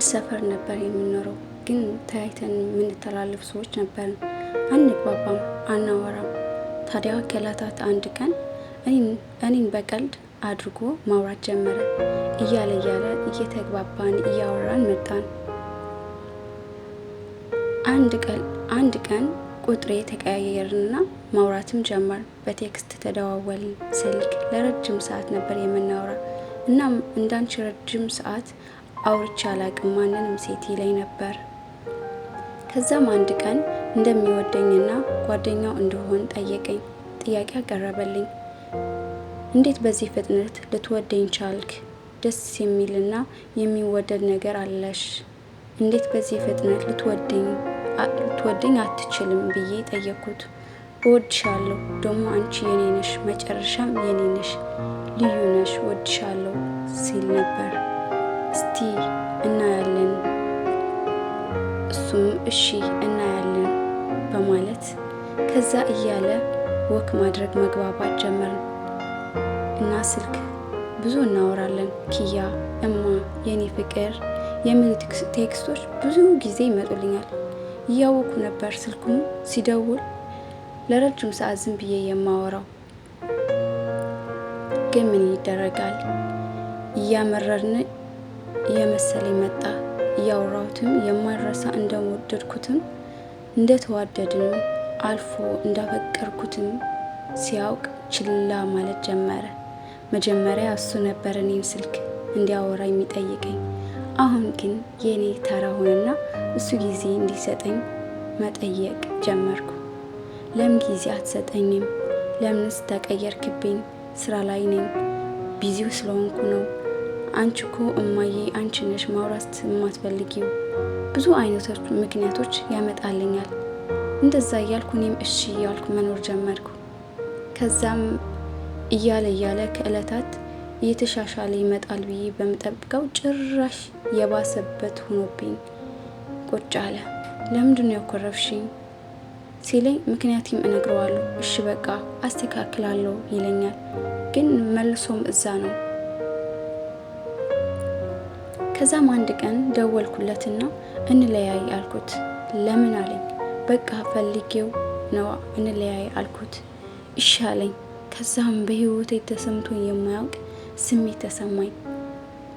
አንድ ሰፈር ነበር የምንኖረው፣ ግን ተያይተን የምንተላለፍ ሰዎች ነበርን። አንግባባም፣ አናወራም። ታዲያ ከላታት አንድ ቀን እኔን በቀልድ አድርጎ ማውራት ጀመረ። እያለ እያለ እየተግባባን እያወራን መጣን። አንድ ቀን ቁጥሬ ተቀያየርንና ማውራትም ጀመር። በቴክስት ተደዋወልን፣ ስልክ ለረጅም ሰዓት ነበር የምናወራ። እናም እንዳንቺ ረጅም ሰዓት አውርቼ አላቅም ማንንም ሴት ይለኝ ነበር። ከዛም አንድ ቀን እንደሚወደኝና ጓደኛው እንደሆን ጠየቀኝ። ጥያቄ አቀረበልኝ። እንዴት በዚህ ፍጥነት ልትወደኝ ቻልክ? ደስ የሚልና የሚወደድ ነገር አለሽ። እንዴት በዚህ ፍጥነት ልትወደኝ አትችልም? ብዬ ጠየኩት። እወድሻለሁ፣ ደግሞ አንቺ የኔ ነሽ፣ መጨረሻም የኔ ነሽ፣ ልዩ ነሽ፣ እወድሻለሁ ሲል ነበር። እስቲ እናያለን፣ እሱም እሺ እናያለን በማለት ከዛ እያለ ወክ ማድረግ መግባባት ጀመርን እና ስልክ ብዙ እናወራለን። ኪያ እማ፣ የኔ ፍቅር የሚሉ ቴክስቶች ብዙ ጊዜ ይመጡልኛል። እያወኩ ነበር ስልኩም ሲደውል ለረጅም ሰዓት ዝም ብዬ የማወራው ግን ምን ይደረጋል እያመረርን እየመሰለ መጣ። እያወራሁትም የማይረሳ እንደወደድኩትም እንደተዋደድንም አልፎ እንዳፈቀርኩትም ሲያውቅ ችላ ማለት ጀመረ። መጀመሪያ እሱ ነበር እኔም ስልክ እንዲያወራ የሚጠይቀኝ። አሁን ግን የእኔ ተራ ሆነና እሱ ጊዜ እንዲሰጠኝ መጠየቅ ጀመርኩ። ለምን ጊዜ አትሰጠኝም? ለምንስ ተቀየርክብኝ? ስራ ላይ ነኝ፣ ቢዚው ስለሆንኩ ነው አንቺ እኮ እማዬ አንቺ ነሽ ማውራት የማትፈልጊው ብዙ አይነቶች ምክንያቶች ያመጣልኛል። እንደዛ እያልኩ እኔም እሺ እያልኩ መኖር ጀመርኩ። ከዛም እያለ እያለ ከእለታት እየተሻሻለ ይመጣል ብዬ በምጠብቀው ጭራሽ የባሰበት ሆኖብኝ ቁጭ አለ። ለምንድን ነው ያኮረፍሽኝ ሲለኝ ምክንያቴም እነግረዋለሁ። እሺ በቃ አስተካክላለሁ ይለኛል። ግን መልሶም እዛ ነው ከዛም አንድ ቀን ደወልኩለትና እንለያይ አልኩት። ለምን አለኝ። በቃ ፈልጌው ነው እንለያይ አልኩት። እሺ አለኝ። ከዛም በህይወቴ ተሰምቶኝ የማያውቅ ስሜት ተሰማኝ።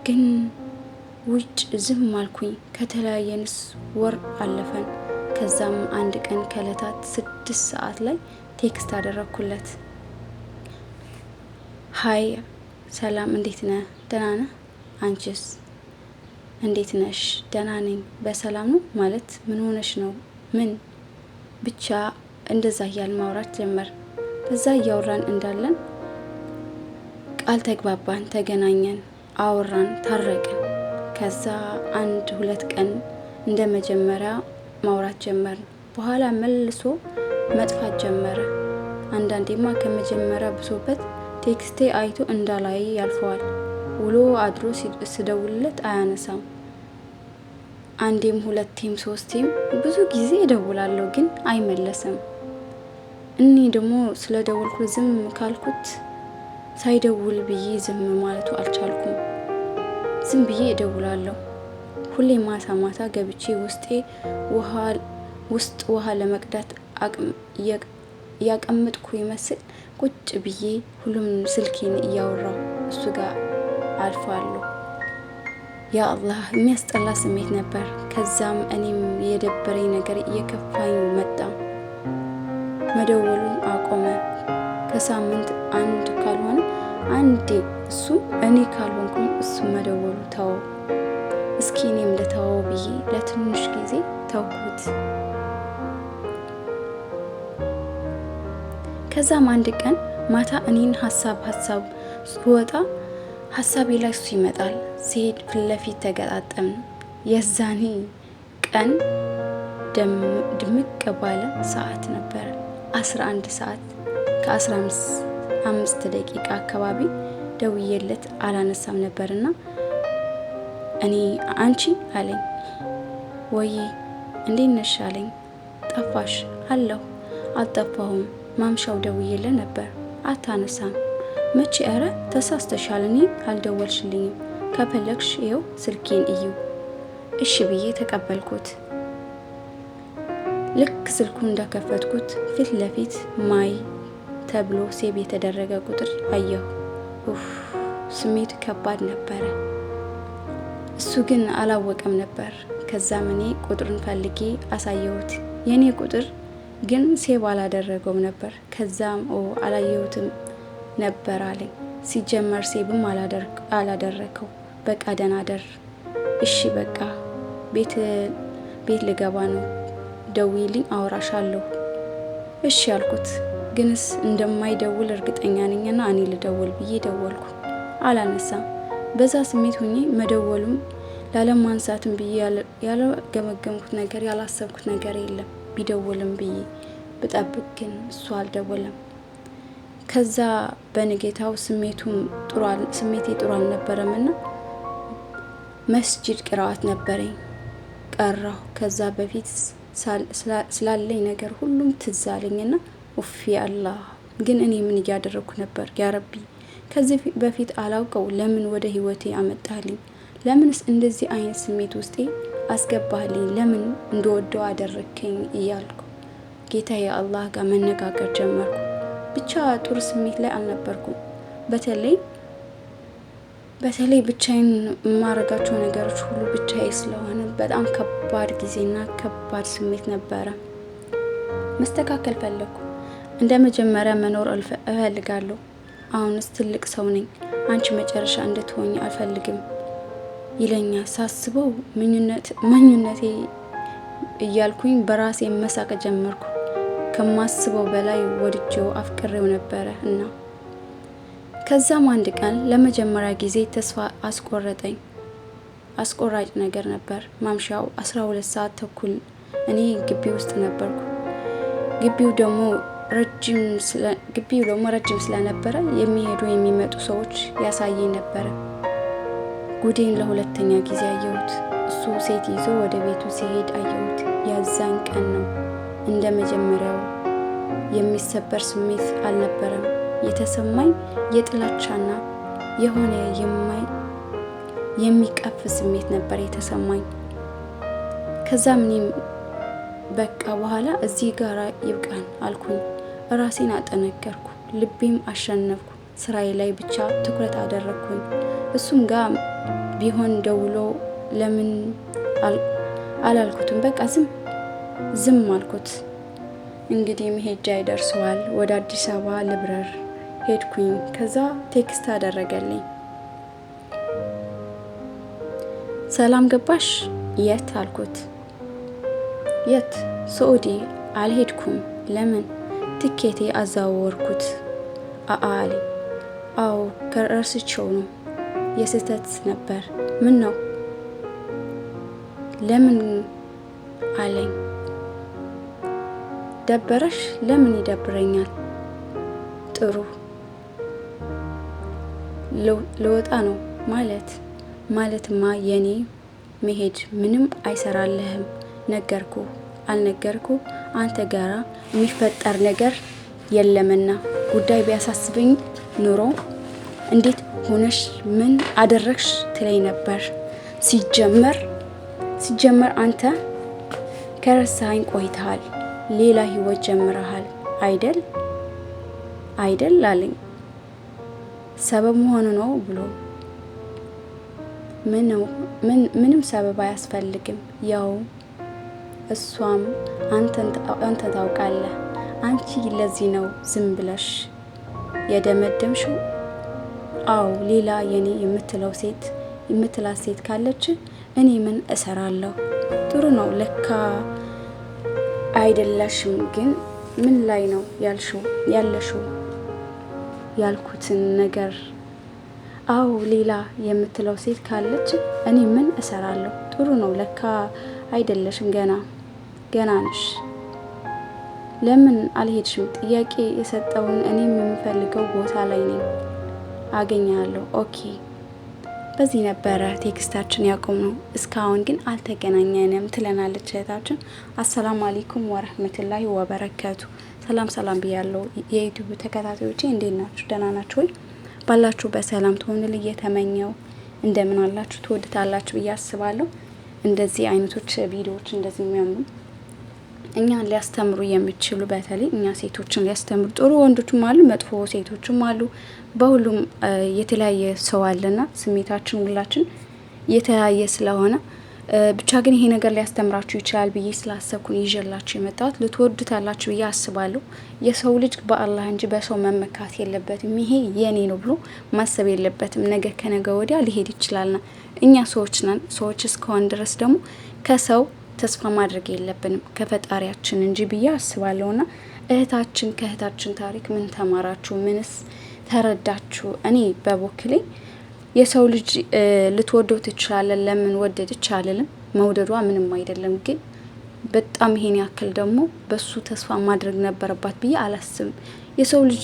ግን ውጭ ዝም አልኩኝ። ከተለያየንስ ወር አለፈን። ከዛም አንድ ቀን ከእለታት ስድስት ሰዓት ላይ ቴክስት አደረግኩለት። ሀይ ሰላም፣ እንዴት ነህ? ደህና ነህ? አንቺስ? እንዴት ነሽ? ደህና ነኝ፣ በሰላም ነው ማለት ምን ሆነሽ ነው? ምን ብቻ እንደዛ እያል ማውራት ጀመር። እዛ እያወራን እንዳለን ቃል ተግባባን፣ ተገናኘን፣ አወራን፣ ታረቅን። ከዛ አንድ ሁለት ቀን እንደ መጀመሪያ ማውራት ጀመር። በኋላ መልሶ መጥፋት ጀመረ። አንዳንዴማ ከመጀመሪያ ብሶበት ቴክስቴ አይቶ እንዳላይ ያልፈዋል። ውሎ አድሮ ስደውልለት አያነሳም። አንዴም ሁለቴም ሶስቴም ብዙ ጊዜ እደውላለሁ፣ ግን አይመለስም። እኔ ደግሞ ስለ ደወልኩት ዝም ካልኩት ሳይደውል ብዬ ዝም ማለቱ አልቻልኩም። ዝም ብዬ እደውላለሁ። ሁሌ ማታ ማታ ገብቼ ውስጤ ውስጥ ውሃ ለመቅዳት ያቀምጥኩ ይመስል ቁጭ ብዬ ሁሉም ስልኬን እያወራው እሱ ጋር አልፋለሁ ያ አላህ የሚያስጠላ ስሜት ነበር። ከዛም እኔም የደበረኝ ነገር እየከፋኝ መጣ። መደወሉን አቆመ። ከሳምንት አንድ ካልሆነ አንዴ እሱ እኔ ካልሆንኩም እሱ መደወሉ ተወ። እስኪ እኔም ለተወው ብዬ ለትንሽ ጊዜ ተውኩት። ከዛም አንድ ቀን ማታ እኔን ሀሳብ ሀሳብ ስወጣ ሀሳቤ ላይ እሱ ይመጣል። ሲሄድ ፊት ለፊት ተገጣጠምን። የዛኔ ቀን ድምቅ ባለ ሰዓት ነበረ። 11 ሰዓት ከ15 ደቂቃ አካባቢ ደውዬለት አላነሳም ነበርና እኔ አንቺ አለኝ። ወይ እንዴት ነሽ አለኝ። ጠፋሽ አለሁ። አልጠፋሁም ማምሻው ደውዬለት ነበር አታነሳም መቼ ኧረ ተሳስተሻል፣ እኔ አልደወልሽልኝም፣ ከፈለግሽ ይኸው ስልኬን እዩ። እሺ ብዬ ተቀበልኩት። ልክ ስልኩን እንደከፈትኩት ፊት ለፊት ማይ ተብሎ ሴብ የተደረገ ቁጥር አየሁ። ኡፍ ስሜቱ ከባድ ነበረ። እሱ ግን አላወቀም ነበር። ከዛም እኔ ቁጥሩን ፈልጌ አሳየሁት። የእኔ ቁጥር ግን ሴብ አላደረገውም ነበር። ከዛም ኦ አላየሁትም ነበር አለኝ። ሲጀመር ሴብም አላደረከው። በቃ ደህና ደር። እሺ በቃ ቤት ልገባ ነው፣ ደውዪልኝ አወራሻለሁ። እሺ አልኩት። ግንስ እንደማይደውል እርግጠኛ ነኝና እኔ ልደውል ብዬ ደወልኩ። አላነሳም። በዛ ስሜት ሆኜ መደወሉም ላለማንሳትም ብዬ ያልገመገምኩት ነገር ያላሰብኩት ነገር የለም። ቢደውልም ብዬ ብጠብቅ ግን እሱ አልደወለም። ከዛ በንጌታው ስሜቱም ስሜቴ ጥሩ አልነበረም እና መስጅድ ቅርአት ነበረኝ ቀራሁ። ከዛ በፊት ስላለኝ ነገር ሁሉም ትዝ አለኝና ኡፊ አላህ ግን እኔ ምን እያደረግኩ ነበር? ያረቢ ከዚህ በፊት አላውቀው ለምን ወደ ህይወቴ አመጣልኝ? ለምንስ እንደዚህ አይነት ስሜት ውስጤ አስገባልኝ? ለምን እንደወደው አደረግከኝ? እያልኩ ጌታዬ አላህ ጋር መነጋገር ጀመርኩ። ብቻ ጥሩ ስሜት ላይ አልነበርኩም። በተለይ በተለይ ብቻዬን የማረጋቸው ነገሮች ሁሉ ብቻዬ ስለሆነ በጣም ከባድ ጊዜና ከባድ ስሜት ነበረ። መስተካከል ፈለግኩ። እንደ መጀመሪያ መኖር እፈልጋለሁ። አሁንስ ትልቅ ሰው ነኝ፣ አንቺ መጨረሻ እንድትሆኝ አልፈልግም ይለኛ ሳስበው ምኙነቴ እያልኩኝ በራሴ መሳቅ ጀመርኩ። ከማስበው በላይ ወድጄው አፍቅሬው ነበረ እና ከዛም አንድ ቀን ለመጀመሪያ ጊዜ ተስፋ አስቆረጠኝ። አስቆራጭ ነገር ነበር። ማምሻው 12 ሰዓት ተኩል እኔ ግቢ ውስጥ ነበርኩ። ግቢው ደግሞ ረጅም ስለነበረ የሚሄዱ የሚመጡ ሰዎች ያሳየኝ ነበረ። ጉዴን ለሁለተኛ ጊዜ አየሁት። እሱ ሴት ይዞ ወደ ቤቱ ሲሄድ አየሁት። ያዛን ቀን ነው። እንደ መጀመሪያው የሚሰበር ስሜት አልነበረም የተሰማኝ። የጥላቻና የሆነ የማይ የሚቀፍ ስሜት ነበር የተሰማኝ። ከዛ እኔም በቃ በኋላ እዚህ ጋር ይብቃን አልኩኝ። ራሴን አጠነከርኩ፣ ልቤም አሸነፍኩ። ስራዬ ላይ ብቻ ትኩረት አደረግኩኝ። እሱም ጋር ቢሆን ደውሎ ለምን አላልኩትም፣ በቃ ዝም ዝም አልኩት። እንግዲህ መሄጃ ይደርሰዋል፣ ወደ አዲስ አበባ ልብረር ሄድኩኝ። ከዛ ቴክስት አደረገልኝ። ሰላም ገባሽ? የት አልኩት። የት? ሰዑዲ አልሄድኩም። ለምን? ትኬቴ አዛወርኩት። አአሊ አዎ ከረስቸው ነው የስህተት ነበር። ምን ነው? ለምን አለኝ። ደበረሽ? ለምን ይደብረኛል? ጥሩ ልወጣ ነው ማለት ማለትማ የኔ መሄድ ምንም አይሰራልህም። ነገርኩ አልነገርኩ አንተ ጋራ የሚፈጠር ነገር የለምና ጉዳይ ቢያሳስበኝ ኑሮ እንዴት ሆነሽ ምን አደረግሽ ትለኝ ነበር። ሲጀመር ሲጀመር አንተ ከረሳኸኝ ቆይተሃል። ሌላ ህይወት ጀምረሃል አይደል አይደል አለኝ። ሰበብ መሆኑ ነው ብሎ ምንም ሰበብ አያስፈልግም። ያው እሷም አንተ ታውቃለህ፣ አንቺ ለዚህ ነው ዝም ብለሽ የደመደምሽው። አው ሌላ የኔ የምትለው ሴት የምትላት ሴት ካለች እኔ ምን እሰራለሁ? ጥሩ ነው ለካ አይደላሽም ግን ምን ላይ ነው ያልሽው ያለሽው ያልኩትን ነገር አዎ ሌላ የምትለው ሴት ካለች እኔ ምን እሰራለሁ? ጥሩ ነው ለካ አይደለሽም ገና ገና ነሽ። ለምን አልሄድሽም? ጥያቄ የሰጠውን እኔም የምፈልገው ቦታ ላይ ነኝ። አገኛለሁ። ኦኬ በዚህ ነበረ ቴክስታችን ያቆም ነው። እስካሁን ግን አልተገናኘንም ትለናለች እህታችን። አሰላሙ አለይኩም ወረህመቱላሂ ወበረከቱ። ሰላም ሰላም ብያለው የዩቲዩብ ተከታታዮቼ፣ እንዴት ናችሁ? ደህና ናችሁ ወይ? ባላችሁ በሰላም ትሆንል እየተመኘው እንደምን አላችሁ ትወድታላችሁ ብዬ አስባለሁ። እንደዚህ አይነቶች ቪዲዮዎች እንደዚህ የሚያምሩ እኛን ሊያስተምሩ የሚችሉ በተለይ እኛ ሴቶችን ሊያስተምሩ ጥሩ ወንዶችም አሉ፣ መጥፎ ሴቶችም አሉ። በሁሉም የተለያየ ሰው አለና ስሜታችን ሁላችን የተለያየ ስለሆነ ብቻ ግን ይሄ ነገር ሊያስተምራችሁ ይችላል ብዬ ስላሰብኩን ይዤላችሁ የመጣሁት ልትወዱታላችሁ ብዬ አስባለሁ። የሰው ልጅ በአላህ እንጂ በሰው መመካት የለበትም። ይሄ የኔ ነው ብሎ ማሰብ የለበትም። ነገ ከነገ ወዲያ ሊሄድ ይችላልና እኛ ሰዎች ነን። ሰዎች እስከሆን ድረስ ደግሞ ከሰው ተስፋ ማድረግ የለብንም ከፈጣሪያችን እንጂ ብዬ አስባለሁና እህታችን ከእህታችን ታሪክ ምን ተማራችሁ? ምንስ ተረዳችሁ? እኔ በቦክሌ የሰው ልጅ ልትወደው ትችላለን። ለምን ወደደች አልልም፣ መውደዷ ምንም አይደለም። ግን በጣም ይሄን ያክል ደግሞ በሱ ተስፋ ማድረግ ነበረባት ብዬ አላስብም። የሰው ልጅ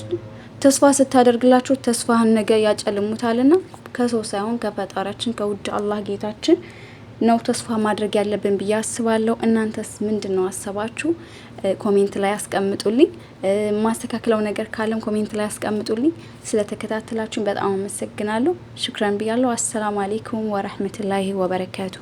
ተስፋ ስታደርግላችሁ ተስፋህን ነገ ያጨልሙታልና ከሰው ሳይሆን ከፈጣሪያችን ከውድ አላህ ጌታችን ነው ተስፋ ማድረግ ያለብን ብዬ አስባለሁ። እናንተስ ምንድን ነው አሰባችሁ? ኮሜንት ላይ አስቀምጡልኝ። ማስተካከለው ነገር ካለም ኮሜንት ላይ አስቀምጡልኝ። ስለተከታተላችሁን በጣም አመሰግናለሁ። ሽክረን ብያለሁ። አሰላሙ አሌይኩም ወረህመቱላሂ ወበረካቱ